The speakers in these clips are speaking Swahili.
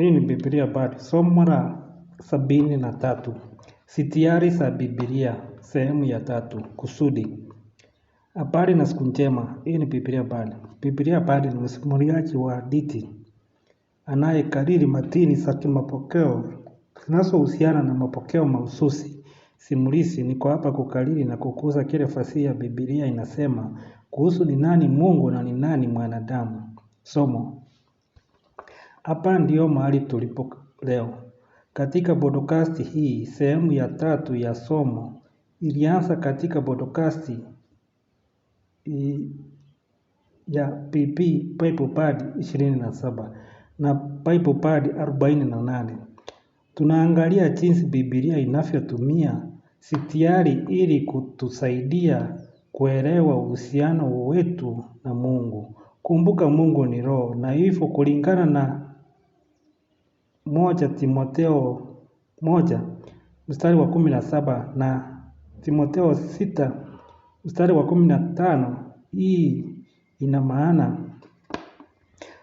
Hii ni bibilia Badi, somo la sabini na tatu, sitiari za bibilia sehemu ya tatu, kusudi. Habari na siku njema. Hii ni bibilia bali bibilia Badi ni msimuliaji wa hadithi anayekariri matini za kimapokeo zinazohusiana na mapokeo mahususi simulizi. Niko hapa kukariri na kukuza kile fasihi ya Biblia inasema kuhusu ni nani Mungu na ni nani mwanadamu. Somo hapa ndio mahali tulipo leo. Katika podcast hii, sehemu ya tatu ya somo ilianza katika podcast ya PP Pad 27 na Pad 48. Tunaangalia jinsi Biblia inavyotumia sitiari ili kutusaidia kuelewa uhusiano wetu na Mungu. Kumbuka Mungu ni roho na hivyo kulingana na moja Timotheo moja mstari wa kumi na saba na Timotheo sita mstari wa kumi na tano hii ina maana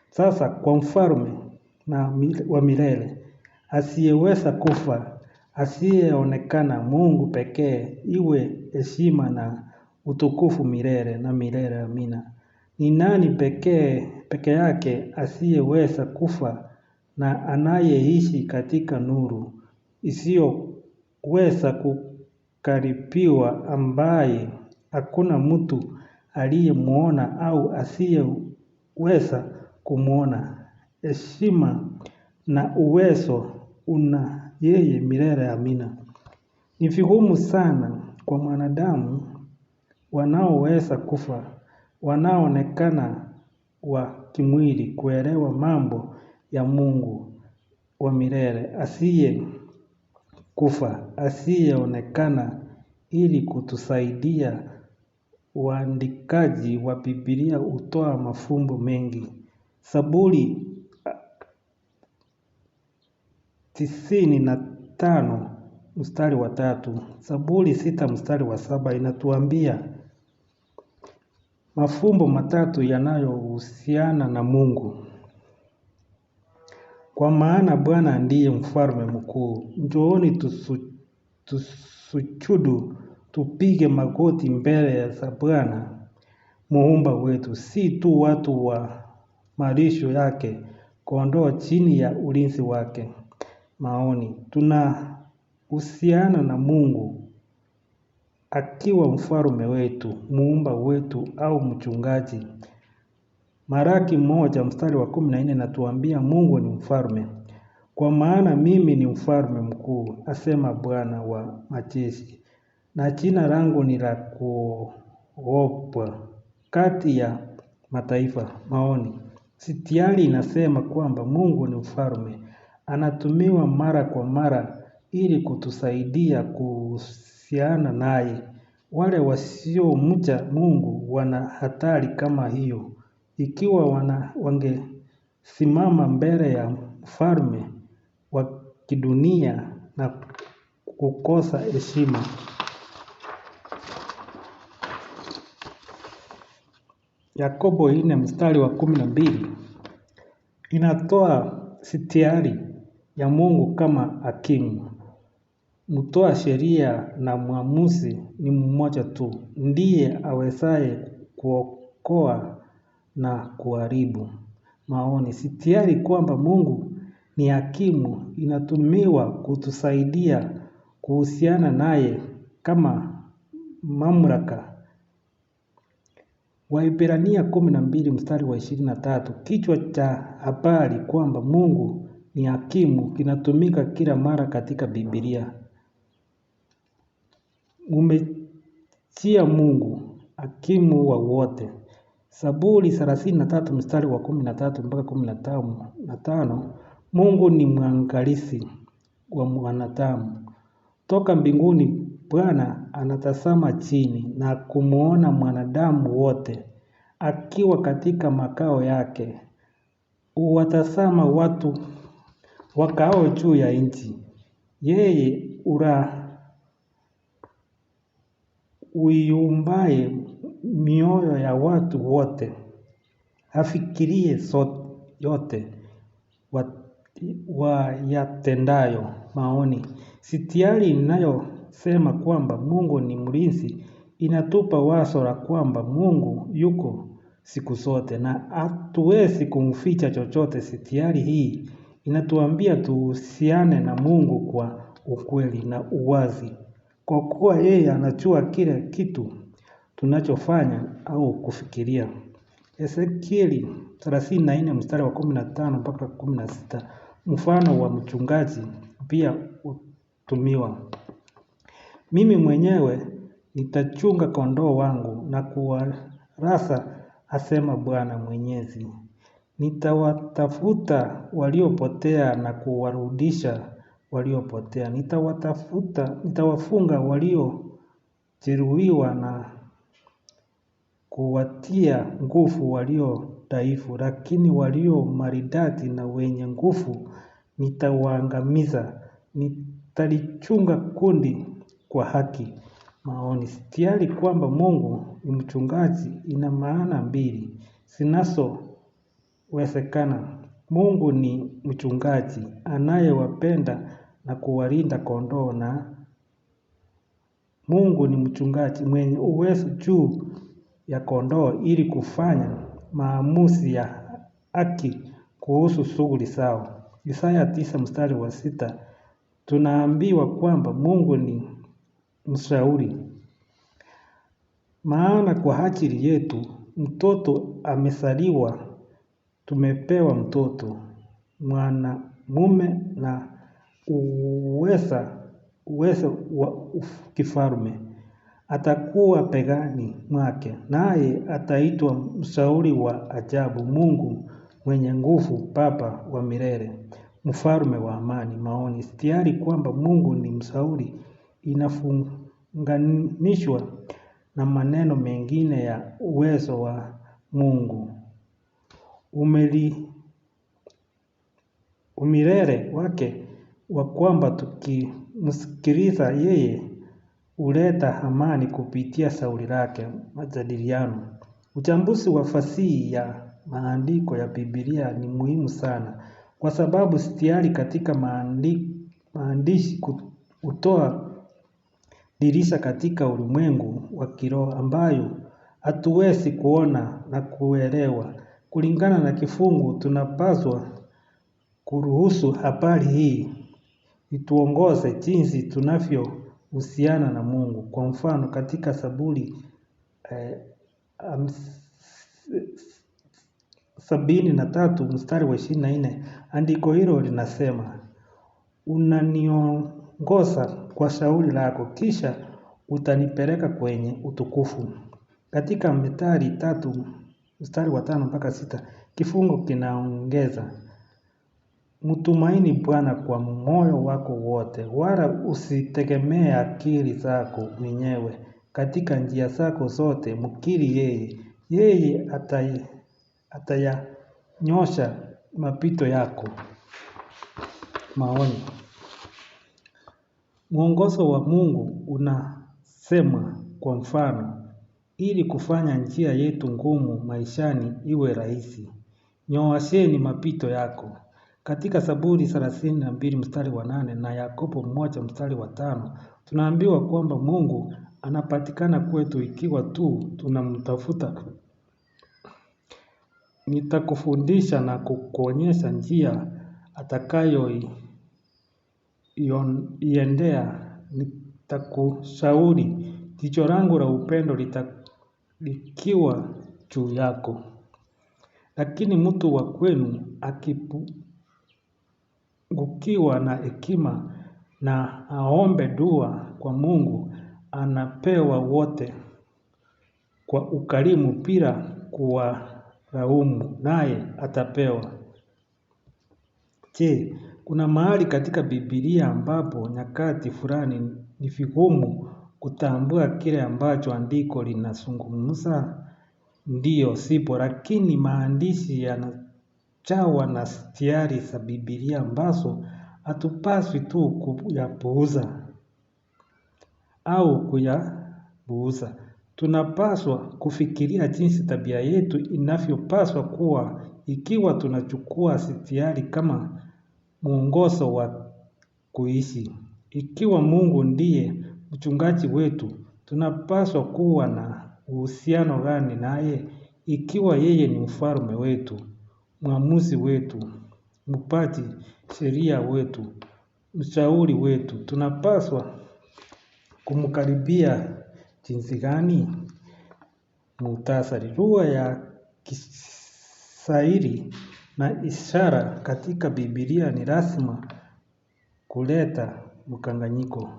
sasa kwa mfalme na wa milele asiyeweza kufa asiyeonekana, Mungu pekee iwe heshima na utukufu milele na milele. Amina. Ni nani pekee peke yake asiyeweza kufa na anayeishi katika nuru isiyoweza kukaribiwa ambaye hakuna mtu aliyemuona au asiyeweza kumwona Heshima na uwezo una yeye milele. Amina. Ni vigumu sana kwa mwanadamu wanaoweza kufa wanaoonekana wa kimwili kuelewa mambo ya Mungu wa milele asiye kufa asiyeonekana, ili kutusaidia. Uandikaji wa Biblia hutoa mafumbo mengi. Saburi tisini na tano mstari wa tatu Saburi sita mstari wa saba inatuambia mafumbo matatu yanayohusiana na Mungu. Kwa maana Bwana ndiye mfalme mkuu. Njooni tusujudu, tupige magoti mbele za Bwana muumba wetu, si tu watu wa malisho yake, kondoo chini ya ulinzi wake. Maoni: tuna husiana na Mungu akiwa mfalme wetu, muumba wetu au mchungaji. Maraki moja mstari wa kumi na nne natuambia Mungu ni mfalme, kwa maana mimi ni mfalme mkuu, asema Bwana wa majeshi, na jina langu ni la kuogopwa kati ya mataifa. Maoni sitiari inasema kwamba Mungu ni mfalme, anatumiwa mara kwa mara ili kutusaidia kuhusiana naye. Wale wasiomcha Mungu wana hatari kama hiyo ikiwa wangesimama mbele ya mfalme wa kidunia na kukosa heshima. Yakobo nne mstari wa kumi na mbili inatoa sitiari ya Mungu kama hakimu. Mtoa sheria na mwamuzi ni mmoja tu, ndiye awezaye kuokoa na kuharibu. Maoni, sitiari kwamba mungu ni hakimu inatumiwa kutusaidia kuhusiana naye kama mamlaka. Waibrania kumi na mbili mstari wa ishirini na tatu kichwa cha habari kwamba mungu ni hakimu kinatumika kila mara katika Biblia. Umetia mungu hakimu wa wote. Zaburi 33 mstari wa kumi mpaka 15, na tano Mungu ni mwangalizi wa mwanadamu. Toka mbinguni Bwana anatazama chini na kumwona mwanadamu wote akiwa katika makao yake. Huwatazama watu wakao juu ya nchi. Yeye ura uiumbaye mioyo ya watu wote, afikirie yote wayatendayo maoni. Sitiari inayosema kwamba Mungu ni mlinzi inatupa wazo la kwamba Mungu yuko siku zote na hatuwezi kumficha chochote. Sitiari hii inatuambia tuhusiane na Mungu kwa ukweli na uwazi, kwa kuwa yeye anajua kila kitu tunachofanya au kufikiria. Ezekieli 34 mstari wa 15 mpaka 16, mfano wa mchungaji pia hutumiwa. Mimi mwenyewe nitachunga kondoo wangu na kuwarasa, asema Bwana Mwenyezi. Nitawatafuta waliopotea na kuwarudisha waliopotea. Nitawatafuta, nitawafunga waliojeruhiwa na kuwatia nguvu walio dhaifu, lakini walio maridadi na wenye nguvu nitawaangamiza. Nitalichunga kundi kwa haki. Maoni sitiari kwamba Mungu ni mchungaji ina maana mbili zinazowezekana. Mungu ni mchungaji anayewapenda na kuwalinda kondoo na Mungu ni mchungaji mwenye uwezo juu ya kondoo ili kufanya maamuzi ya haki kuhusu shughuli zao. Isaya tisa mstari wa sita tunaambiwa kwamba Mungu ni mshauri. Maana kwa ajili yetu mtoto amezaliwa, tumepewa mtoto mwanamume na uweza uweza wa kifalme atakuwa pegani mwake, naye ataitwa Mshauri wa Ajabu, Mungu mwenye Nguvu, Baba wa Milele, Mfalme wa Amani. Maoni istiari kwamba Mungu ni mshauri inafunganishwa na maneno mengine ya uwezo wa Mungu umeli umilele wake wa kwamba tukimsikiliza yeye huleta amani kupitia shauri lake majadiliano. Uchambuzi wa fasihi ya maandiko ya biblia ni muhimu sana. Kwa sababu stiari katika maandishi hutoa dirisha katika ulimwengu wa kiroho ambayo hatuwezi kuona na kuelewa. Kulingana na kifungu tunapaswa kuruhusu habari hii. Ituongoze jinsi tunavyo husiana na Mungu. Kwa mfano katika saburi eh, sabini na tatu mstari wa ishirini na nne andiko hilo linasema, unaniongoza kwa shauri lako, kisha utanipeleka kwenye utukufu. Katika Methali tatu mstari wa tano mpaka sita kifungo kinaongeza Mtumaini Bwana kwa moyo wako wote, wala usitegemee akili zako mwenyewe. Katika njia zako zote mkiri yeye, yeye atayanyosha mapito yako. Maoni mwongozo wa Mungu unasema kwa mfano, ili kufanya njia yetu ngumu maishani iwe rahisi. Nyoosheni mapito yako. Katika Zaburi 32 mstari wa nane na Yakobo moja mstari wa tano tunaambiwa kwamba Mungu anapatikana kwetu ikiwa tu tunamtafuta. Nitakufundisha na kukuonyesha njia atakayoiendea, nitakushauri, jicho langu la upendo likiwa juu yako. Lakini mtu wa kwenu kukiwa na hekima na aombe dua kwa Mungu anapewa wote kwa ukarimu bila kuwalaumu naye atapewa. Je, kuna mahali katika Biblia ambapo nyakati fulani ni vigumu kutambua kile ambacho andiko linazungumza? Ndiyo, sipo lakini maandishi yana tumejawa na stiari za bibilia ambazo hatupaswi tu kuyapuuza au kuyapuuza. Tunapaswa kufikiria jinsi tabia yetu inavyopaswa kuwa ikiwa tunachukua stiari kama mwongozo wa kuishi. Ikiwa Mungu ndiye mchungaji wetu, tunapaswa kuwa na uhusiano gani naye ikiwa yeye ni mfalme wetu? mwamuzi wetu, mpati sheria wetu, mshauri wetu. Tunapaswa kumkaribia jinsi gani? Muhtasari, lugha ya Kiswahili na ishara katika Biblia ni lazima kuleta mkanganyiko.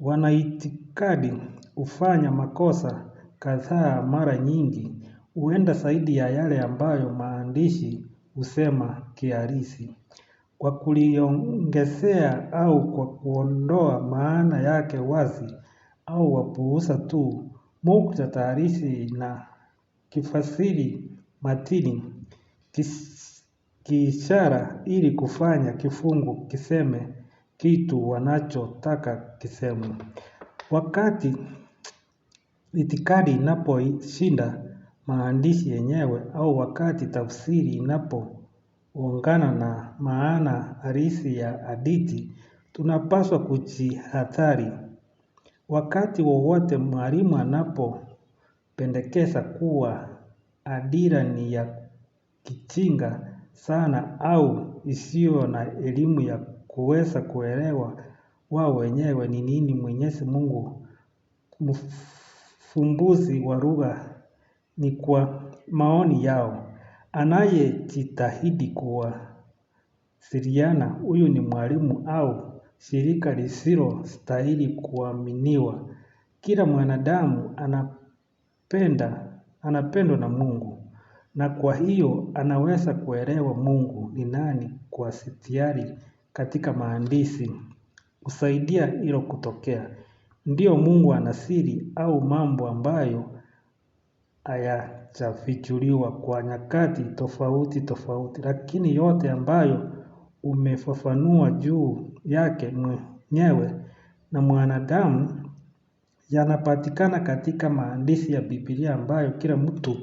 Wanaitikadi hufanya makosa kadhaa mara nyingi, huenda zaidi ya yale ambayo ma maandishi husema kihalisi, kwa kuliongezea au kwa kuondoa maana yake wazi au wapuuza tu muktadha halisi na kifasiri matini kiishara ili kufanya kifungu kiseme kitu wanachotaka kisemwe. Wakati itikadi inaposhinda maandishi yenyewe au wakati tafsiri inapoungana na maana halisi ya hadithi, tunapaswa kujihadhari. Wakati wowote mwalimu anapopendekeza kuwa adira ni ya kijinga sana au isiyo na elimu ya kuweza kuelewa wao wenyewe ni nini Mwenyezi Mungu mfumbuzi wa lugha ni kwa maoni yao. Anayejitahidi kuwasiliana huyu ni mwalimu au shirika lisilostahili kuaminiwa. Kila mwanadamu anapendwa na mungu na kwa hiyo anaweza kuelewa mungu ni nani kwa sitiari katika maandishi kusaidia hilo kutokea. Ndiyo mungu ana siri au mambo ambayo hayajafichuliwa kwa nyakati tofauti tofauti, lakini yote ambayo umefafanua juu yake mwenyewe na mwanadamu yanapatikana katika maandishi ya Biblia ambayo kila mtu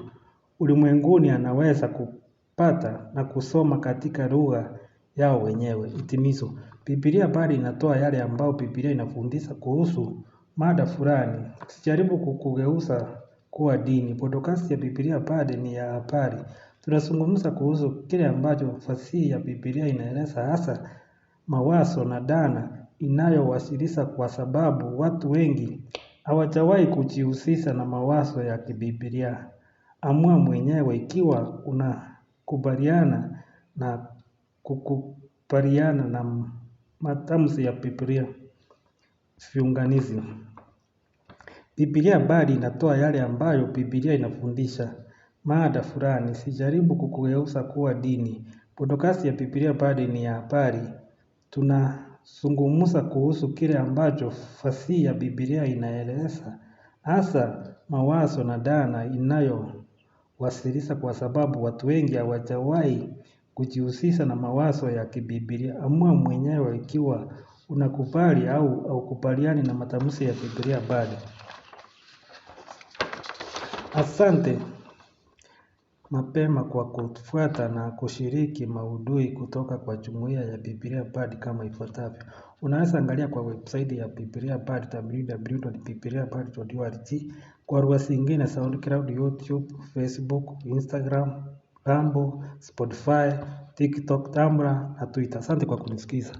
ulimwenguni anaweza kupata na kusoma katika lugha yao wenyewe. itimizo Biblia bali inatoa yale ambayo Biblia inafundisha kuhusu mada fulani. sijaribu kukugeuza kuwa dini. Podcast ya Biblia pale ni ya habari. Tunazungumza kuhusu kile ambacho fasihi ya Biblia inaeleza hasa mawazo na dhana inayowasilisha kwa sababu watu wengi hawajawahi kujihusisha na mawazo ya kibiblia. Amua mwenyewe ikiwa unakubaliana na kukubaliana na matamshi ya Biblia. Viunganizi. Biblia bali inatoa yale ambayo Biblia inafundisha. Mada fulani, sijaribu kukugeuza kuwa dini. Podokasi ya Biblia bali ni ya habari. Tunazungumza kuhusu kile ambacho fasihi ya Biblia inaeleza. Hasa mawazo na dhana inayowasilisha kwa sababu watu wengi hawajawahi kujihusisha na mawazo ya kibiblia. Amua mwenyewe ikiwa unakubali au haukubaliani na matamshi ya Biblia bali. Asante mapema kwa kufuata na kushiriki maudhui kutoka kwa jumuia ya Biblia Bard kama ifuatavyo. Unaweza angalia kwa website ya Biblia Bard www.bibliabard.org kwa ruwa zingine SoundCloud, YouTube, Facebook, Instagram, Rumble, Spotify, TikTok, Tumblr na Twitter. Asante kwa kunisikiza.